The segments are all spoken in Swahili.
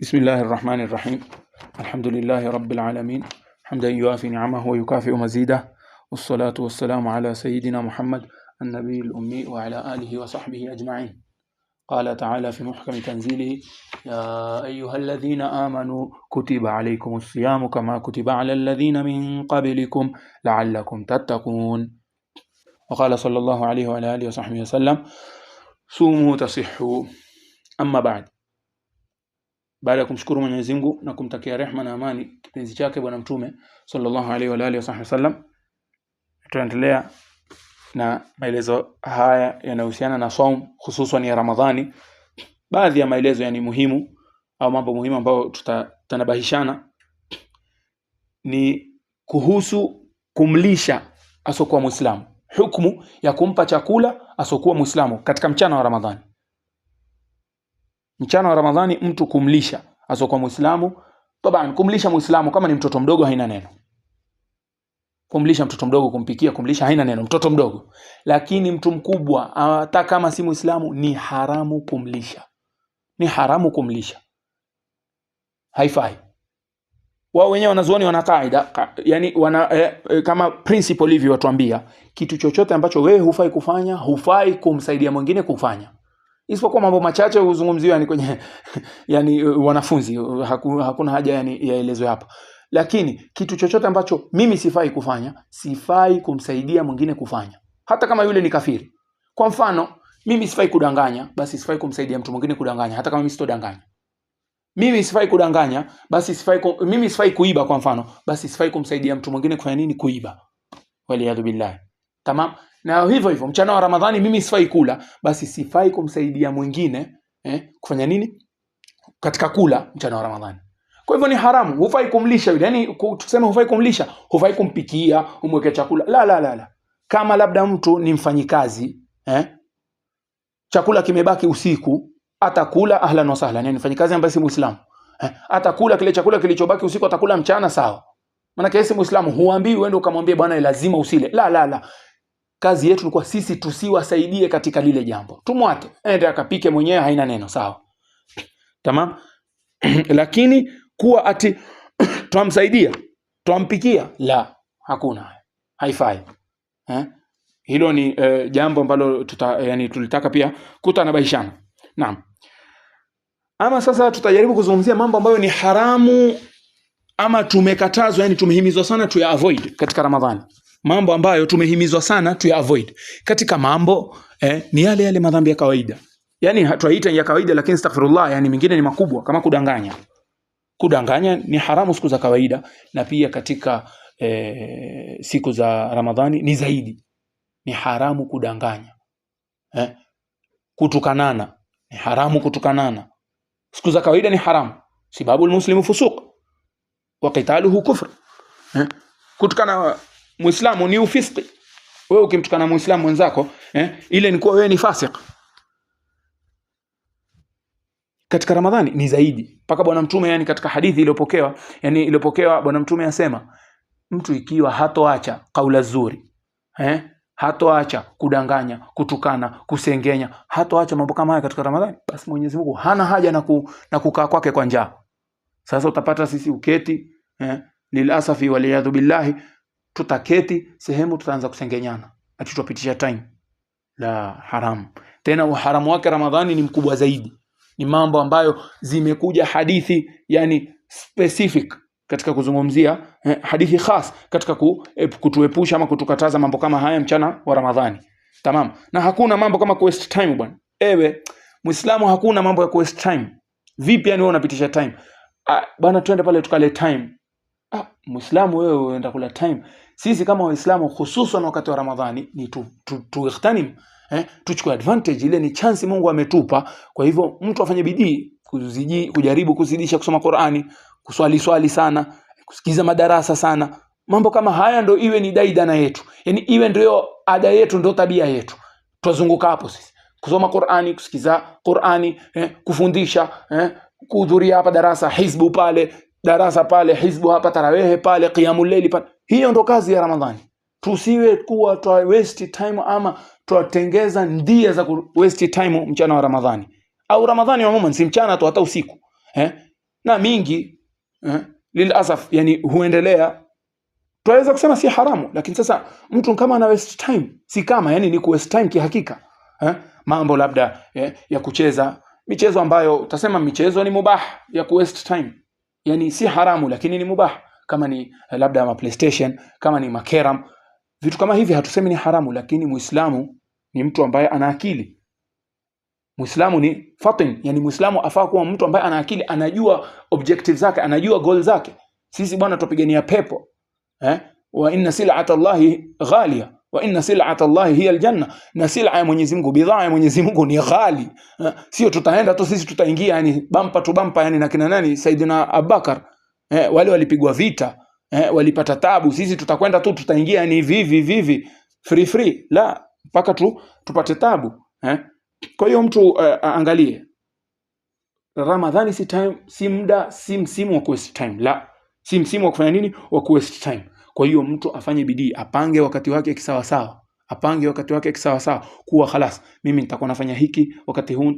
بسم الله الرحمن الرحيم الحمد لله رب العالمين حمدا يوافي نعمه ويكافئ مزيده والصلاة والسلام على سيدنا محمد النبي الأمي وعلى آله وصحبه أجمعين قال تعالى في محكم تنزيله يا أيها الذين آمنوا كتب عليكم الصيام كما كتب على الذين من قبلكم لعلكم تتقون وقال صلى الله عليه وعلى آله وصحبه وسلم صوموا تصحوا أما بعد baada ya kumshukuru Mwenyezi Mungu na kumtakia rehma na amani kipenzi chake bwana mtume sallallahu alaihi wa alihi wasallam, tutaendelea na maelezo haya yanayohusiana na saum hususan ya Ramadhani, baadhi ya maelezo yani muhimu au mambo muhimu ambayo tutatanabahishana ni kuhusu kumlisha asokuwa Muislamu, hukumu ya kumpa chakula asokuwa Muislamu katika mchana wa Ramadhani mchana wa Ramadhani mtu kumlisha hasa kwa Muislamu taban, kumlisha Muislamu kama ni mtoto mdogo haina neno, kumlisha mtoto mdogo, kumpikia, kumlisha haina neno, mtoto mdogo. Lakini mtu mkubwa hata kama si Muislamu ni haramu kumlisha, ni haramu kumlisha, haifai. Wao wenyewe wanazuoni wana kaida, yani wana eh, eh, kama principle hivi watuambia, kitu chochote ambacho wewe hufai kufanya hufai kumsaidia mwingine kufanya isipokuwa mambo machache huzungumziwa yani kwenye yani wanafunzi haku, hakuna haja yani yaelezwe hapa lakini kitu chochote ambacho mimi sifai kufanya sifai kumsaidia mwingine kufanya hata kama yule ni kafiri kwa mfano mimi sifai kudanganya basi sifai kumsaidia mtu mwingine kudanganya hata kama mimi sitodanganya mimi sifai kudanganya basi sifai ku, mimi sifai kuiba kwa mfano basi sifai kumsaidia mtu mwingine kufanya nini kuiba waliyadhu billahi tamam na hivyo hivyo mchana wa Ramadhani mimi sifai kula, basi sifai kumsaidia mwingine eh, kufanya nini katika kula mchana wa Ramadhani. Kwa hivyo ni haramu, hufai kumlisha yule, yani tuseme hufai kumlisha, hufai kumpikia, umwekee chakula, la la la la. Kama labda mtu ni mfanyikazi eh, chakula kimebaki usiku, atakula ahlan wa sahlan, yani mfanyikazi ambaye si Muislamu eh, atakula kile chakula kilichobaki usiku, atakula mchana, sawa. Maana kesi Muislamu huambiwi uende ukamwambie bwana lazima usile. La la la kazi yetu ilikuwa sisi tusiwasaidie katika lile jambo, tumwate ende akapike mwenyewe, haina neno, sawa tamam. Lakini kuwa ati twamsaidia twampikia, la, hakuna, haifai eh? Hilo ni eh, jambo ambalo tuta, yani, tulitaka pia kutanabaishana. Naam, ama sasa tutajaribu kuzungumzia mambo ambayo ni haramu ama tumekatazwa, yani tumehimizwa sana tuya avoid katika Ramadhani mambo ambayo tumehimizwa sana tu avoid katika mambo eh, ni yale yale madhambi ya kawaida yani hatuaita ya kawaida lakini astaghfirullah yani mingine ni makubwa kama kudanganya kudanganya ni haramu siku za kawaida na pia katika eh, siku za ramadhani ni zaidi ni haramu kudanganya eh? kutukanana ni haramu kutukanana siku za kawaida ni haramu sababu almuslimu fusuq wa qitaluhu kufr eh? kutukana Muislamu ni ufisqi. Wewe ukimtukana Muislamu mwenzako eh, ile ni kuwa wewe ni fasik. Katika Ramadhani ni zaidi. Paka bwana mtume yani katika hadithi iliyopokewa, yani iliyopokewa bwana mtume asema mtu ikiwa hatoacha kaula zuri eh, hatoacha kudanganya, kutukana, kusengenya, hatoacha mambo kama haya katika Ramadhani, basi Mwenyezi Mungu hana haja na, ku, na kukaa kwake kwa njaa. Sasa utapata sisi uketi eh, lilasafi waliyadhu billahi tutaketi sehemu, tutaanza kusengenyana na tutapitisha time la haramu. Tena uharamu wake Ramadhani ni mkubwa zaidi, ni mambo ambayo zimekuja hadithi yani specific katika kuzungumzia eh, hadithi khas katika ku, eh, kutuepusha ama kutukataza mambo kama haya mchana wa Ramadhani. Tamam, na hakuna mambo kama waste time bwana. Ewe Muislamu, hakuna mambo ya waste time. Vipi yani wewe unapitisha time? Ah, bwana twende pale tukale time. Ah, Muislamu wewe unaenda kula time sisi kama Waislamu hususan wakati wa Ramadhani ni tu, tu, tu eh, tuchukue advantage ile ni chance Mungu ametupa. Kwa hivyo mtu afanye bidii kuziji, kujaribu kuzidisha kusoma Qur'ani, kuswali swali sana, kusikiza madarasa sana. Mambo kama haya ndio iwe ni daidana yetu, yani iwe ndio ada yetu, ndio tabia yetu. Tuzunguka hapo sisi, kusoma Qur'ani, kusikiza Qur'ani, eh, kufundisha eh, kuhudhuria hapa darasa hizbu pale darasa pale, hizbu hapa, tarawehe pale, qiyamu qiyamulleili pale. Hiyo ndo kazi ya Ramadhani. Tusiwe kuwa twa waste time ama twatengeza ndia za ku waste time mchana wa Ramadhani au Ramadhani umuman, si mchana tu, hata usiku eh? na mingi eh? lilasaf, yani huendelea Twaweza kusema si haramu, lakini sasa mtu kama ana waste time, si kama yani ni ku waste time kihakika eh? mambo labda eh, ya kucheza michezo ambayo utasema michezo ni mubah ya ku waste time yani si haramu lakini ni mubah, kama ni eh, labda ma PlayStation, kama ni makeram, vitu kama hivi hatusemi ni haramu, lakini Muislamu ni mtu ambaye ana akili. Muislamu ni fatin, yani Muislamu afaa kuwa mtu ambaye ana akili, anajua objective zake, anajua goal zake. Sisi bwana, tupigania pepo eh? wa inna sil'ata ghalia wa inna sil'ata Allah hiya aljanna, na sil'a ya Mwenyezi Mungu, bidhaa ya Mwenyezi Mungu ni ghali. Eh, sio tutaenda tu sisi tutaingia, yani bampa tu bampa, yani na kina nani, Saidina Abubakar eh, wale walipigwa vita eh, walipata tabu. Sisi tutakwenda tu tutaingia, yani vivi vivi free free, la mpaka tu tupate tabu eh. Kwa hiyo mtu uh, angalie Ramadhani si time, si muda, si msimu wa kuwaste time, la si msimu wa kufanya nini, wa kuwaste time. Kwa hiyo mtu afanye bidii, apange wakati wake kisawasawa, apange wakati wake kisawasawa, kuwa halas, mimi nitakuwa nafanya hiki wakati huu.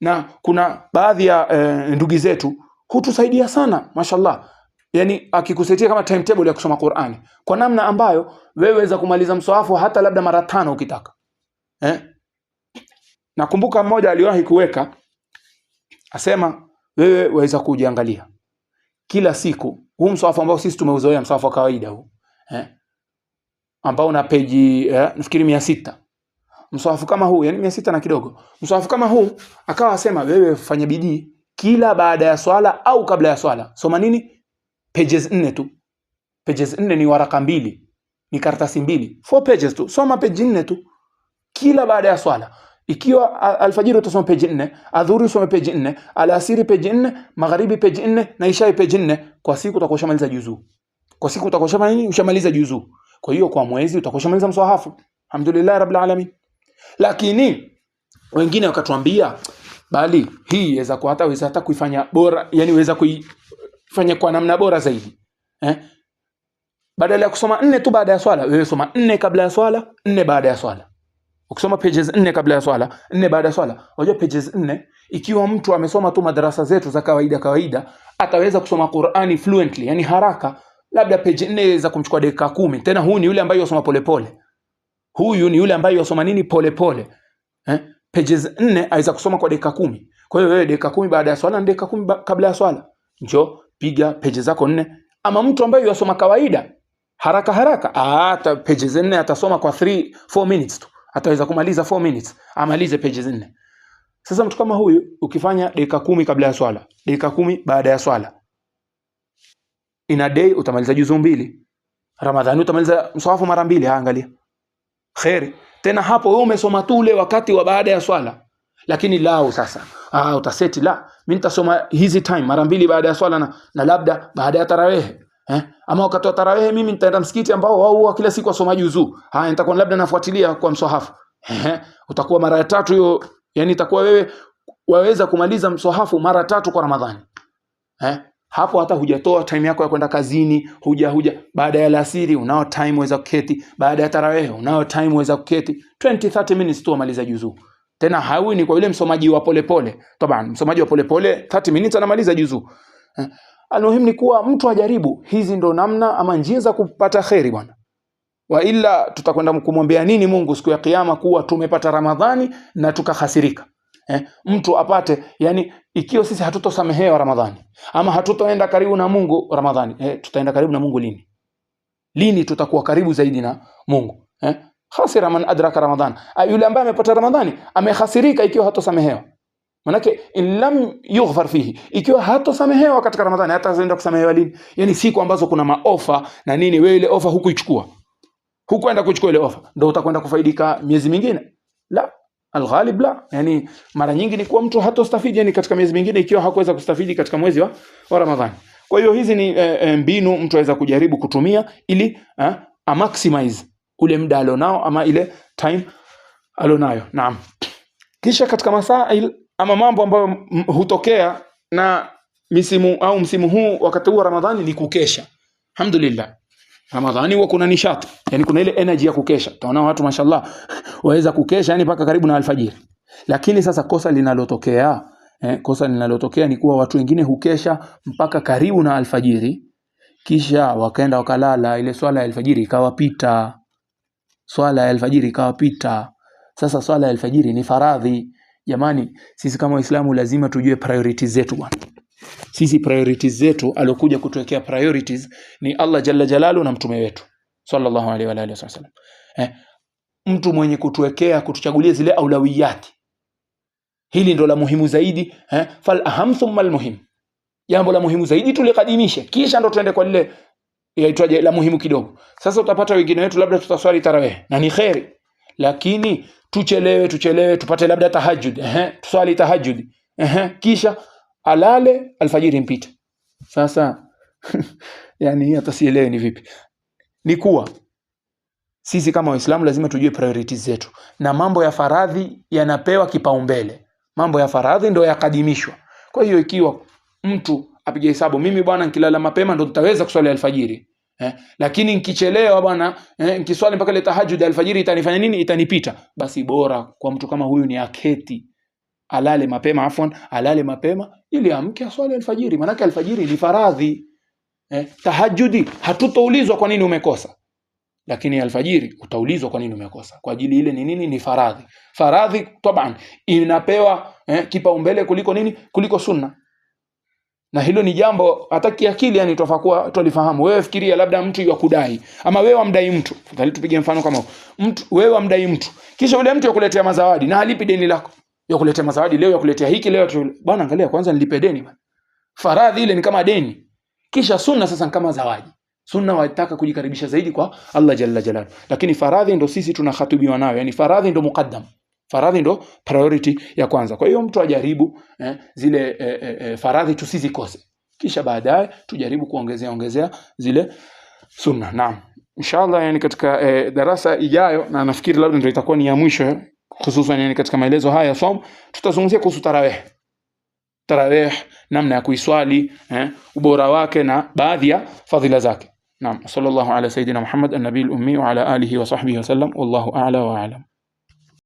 Na kuna baadhi ya e, ndugu zetu hutusaidia sana mashallah, yani akikusaidia kama timetable ya kusoma Qur'ani kwa namna ambayo wewe weza kumaliza mswahafu hata labda mara tano ukitaka eh? Nakumbuka mmoja aliwahi kuweka asema, wewe waweza kujiangalia kila siku huu mswafu ambao sisi tumeuzoea mswafu wa kawaida huu eh, ambao una peji eh, nafikiri mia sita mswafu kama huu yani mia sita na kidogo, mswafu kama huu akawa asema wewe fanya bidii kila baada ya swala au kabla ya swala soma nini, pages nne tu. Pages nne ni waraka mbili, ni karatasi mbili, four pages tu, soma page nne tu kila baada ya swala ikiwa alfajiri utasoma peji nne adhuri usome peji nne alasiri peji nne magharibi peji nne na ishai peji nne kwa siku utakuwa ushamaliza juzuu kwa siku utakuwa ushamaliza juzuu kwa hiyo kwa mwezi utakuwa ushamaliza mswahafu alhamdulillah rabbil alamin lakini wengine wakatuambia bali hii weza kwa hata weza hata kuifanya bora yani weza kuifanya kwa namna bora zaidi eh badala ya kusoma nne tu baada ya swala wewe soma nne kabla ya swala nne baada ya swala Ukisoma pages nne kabla ya swala, nne baada ya swala. Unajua pages nne, ikiwa mtu amesoma tu madarasa zetu za kawaida kawaida, ataweza kusoma Qur'ani fluently, yani haraka. Labda page nne za kumchukua dakika kumi. Tena huyu ni yule ambaye yosoma polepole. Huyu ni yule ambaye yosoma nini polepole. pole. Eh? Pages nne aweza kusoma kwa dakika kumi. Kwa hiyo wewe dakika kumi baada ya swala na dakika kumi kabla ya swala. Njoo piga pages zako nne, ama mtu ambaye yosoma kawaida haraka haraka, ah, hata pages 4 atasoma kwa 3 4 minutes tu ataweza kumaliza 4 minutes, amalize pages nne. Sasa mtu kama huyu ukifanya dakika kumi kabla ya swala, dakika kumi baada ya swala, in a day utamaliza juzu mbili. Ramadhani utamaliza mswafu mara mbili. Angalia kheri tena hapo, wewe umesoma tu ule wakati wa baada ya swala, lakini lao sasa ah, utaseti la mimi nitasoma hizi time mara mbili baada ya swala na, na labda baada ya tarawehe Eh? Ama wakati wa tarawehe mimi nitaenda msikiti ambao wao huwa kila siku wasoma juzuu. Haya nitakuwa labda nafuatilia kwa mswahafu. Eh? Utakuwa mara ya tatu hiyo, yani itakuwa wewe waweza kumaliza mswahafu mara tatu kwa Ramadhani. Eh? Hapo hata hujatoa time yako ya kwenda kazini, huja huja baada ya alasiri unao time uweza kuketi, baada ya tarawehe unao time uweza kuketi. 20 30 minutes tu amaliza juzuu. Tena hawi ni kwa yule msomaji wa polepole. Taban, msomaji wa polepole 30 minutes anamaliza juzuu. Eh? Almuhimu ni kuwa mtu ajaribu. Hizi ndo namna ama njia za kupata kheri bwana, wa ila tutakwenda kumwambia nini Mungu siku ya Kiyama kuwa tumepata Ramadhani na tukahasirika? Eh, mtu apate yani, ikiwa sisi hatutosamehewa Ramadhani ama hatutoenda karibu na Mungu Ramadhani, eh, tutaenda karibu na Mungu lini? Lini tutakuwa karibu zaidi na Mungu? Eh, khasira man adraka Ramadhan, ah, yule ambaye amepata Ramadhani amehasirika ikiwa hatosamehewa Manake in lam yughfar fihi, ikiwa hatosamehewa katika Ramadhani, hata zaenda kusamehewa lini? Yani siku ambazo kuna maofa na nini, wewe ile ofa hukuichukua, hukwenda kuchukua ile ofa, ndio utakwenda kufaidika miezi mingine? La, alghalib la. Yani mara nyingi ni kuwa mtu hatostafidi yani katika miezi mingine, ikiwa hakuweza kustafidi katika mwezi wa, wa Ramadhani. Kwa hiyo hizi ni e, e, mbinu mtu aweza kujaribu kutumia ili a, eh, a maximize ule muda alionao ama ile time alionayo. Naam, kisha katika masaa ama mambo ambayo hutokea na misimu au msimu huu wakati huu wa Ramadhani ni kukesha. Alhamdulillah. Ramadhani huwa kuna nishati. yani kuna ile energy ya kukesha. Tunaona watu mashallah waweza kukesha yani mpaka karibu na alfajiri. Lakini sasa kosa linalotokea eh, kosa linalotokea ni kuwa watu wengine hukesha mpaka karibu na alfajiri kisha wakaenda wakalala, ile swala ya alfajiri ikawapita. Swala ya alfajiri ikawapita. Sasa swala ya alfajiri ni faradhi Jamani, sisi kama Waislamu lazima tujue priority zetu bwana. Sisi priority zetu aliokuja kutuwekea priorities ni Allah Jalla Jalalu na mtume wetu sallallahu alaihi wa alihi wasallam. Eh, mtu mwenye kutuwekea kutuchagulia zile aulawiyati, hili ndo la muhimu zaidi eh, fal aham thumma muhim, jambo la muhimu zaidi tulikadimishe, kisha ndo tuende kwa lile yaitwaje la muhimu kidogo. Sasa utapata wengine wetu labda tutaswali tarawih na ni kheri lakini tuchelewe tuchelewe tupate labda tahajjud, ehe, tuswali tahajjud, ehe, kisha alale alfajiri mpita. Sasa yani hata sielewi ni vipi. Ni kuwa sisi kama Waislamu lazima tujue priorities zetu, na mambo ya faradhi yanapewa kipaumbele. Mambo ya faradhi ndio yakadimishwa. Kwa hiyo ikiwa mtu apige hesabu, mimi bwana, nikilala mapema ndo nitaweza kuswali alfajiri Eh, lakini nikichelewa bwana eh, nikiswali mpaka ile tahajjud alfajiri itanifanya nini? Itanipita. Basi bora kwa mtu kama huyu ni aketi alale mapema, afwan, alale mapema ili amke aswali alfajiri, maanake alfajiri ni faradhi eh. Tahajjudi hatutoulizwa kwa nini umekosa, lakini alfajiri utaulizwa kwa nini umekosa, kwa ajili ile ni nini? Ni faradhi. Faradhi taban inapewa eh, kipaumbele kuliko nini? Kuliko sunna na hilo ni jambo hata kiakili yani tutafakuwa tulifahamu. Wewe fikiria labda mtu yakudai ama wewe wamdai mtu, tupige mfano kama mtu wewe wamdai mtu, kisha yule mtu yakuletea mazawadi na halipi deni lako, yakuletea mazawadi leo, yakuletea hiki leo, bwana, angalia kwanza nilipe deni bwana. Faradhi ile ni kama deni, kisha sunna sasa ni kama zawadi. Sunna wataka kujikaribisha zaidi kwa Allah jalla jalal lakini faradhi ndo sisi tunahatubiwa nayo, yani faradhi ndo mukaddam Faradhi ndo priority ya kwanza. Kwa hiyo mtu ajaribu eh, zile eh, eh, eh, faradhi tusizikose, kisha baadaye tujaribu kuongezea ongezea zile sunna. Naam, inshallah yani katika eh, darasa ijayo, na nafikiri labda ndio itakuwa ni ya mwisho, eh, hususan yani katika maelezo haya ya somo, tutazungumzia kuhusu tarawih tarawih, namna ya kuiswali eh, ubora wake na baadhi ya fadhila zake. Naam, sallallahu ala sayidina Muhammad an-nabiyil ummi wa ala alihi wa sahbihi wa sallam wallahu a'la wa a'lam.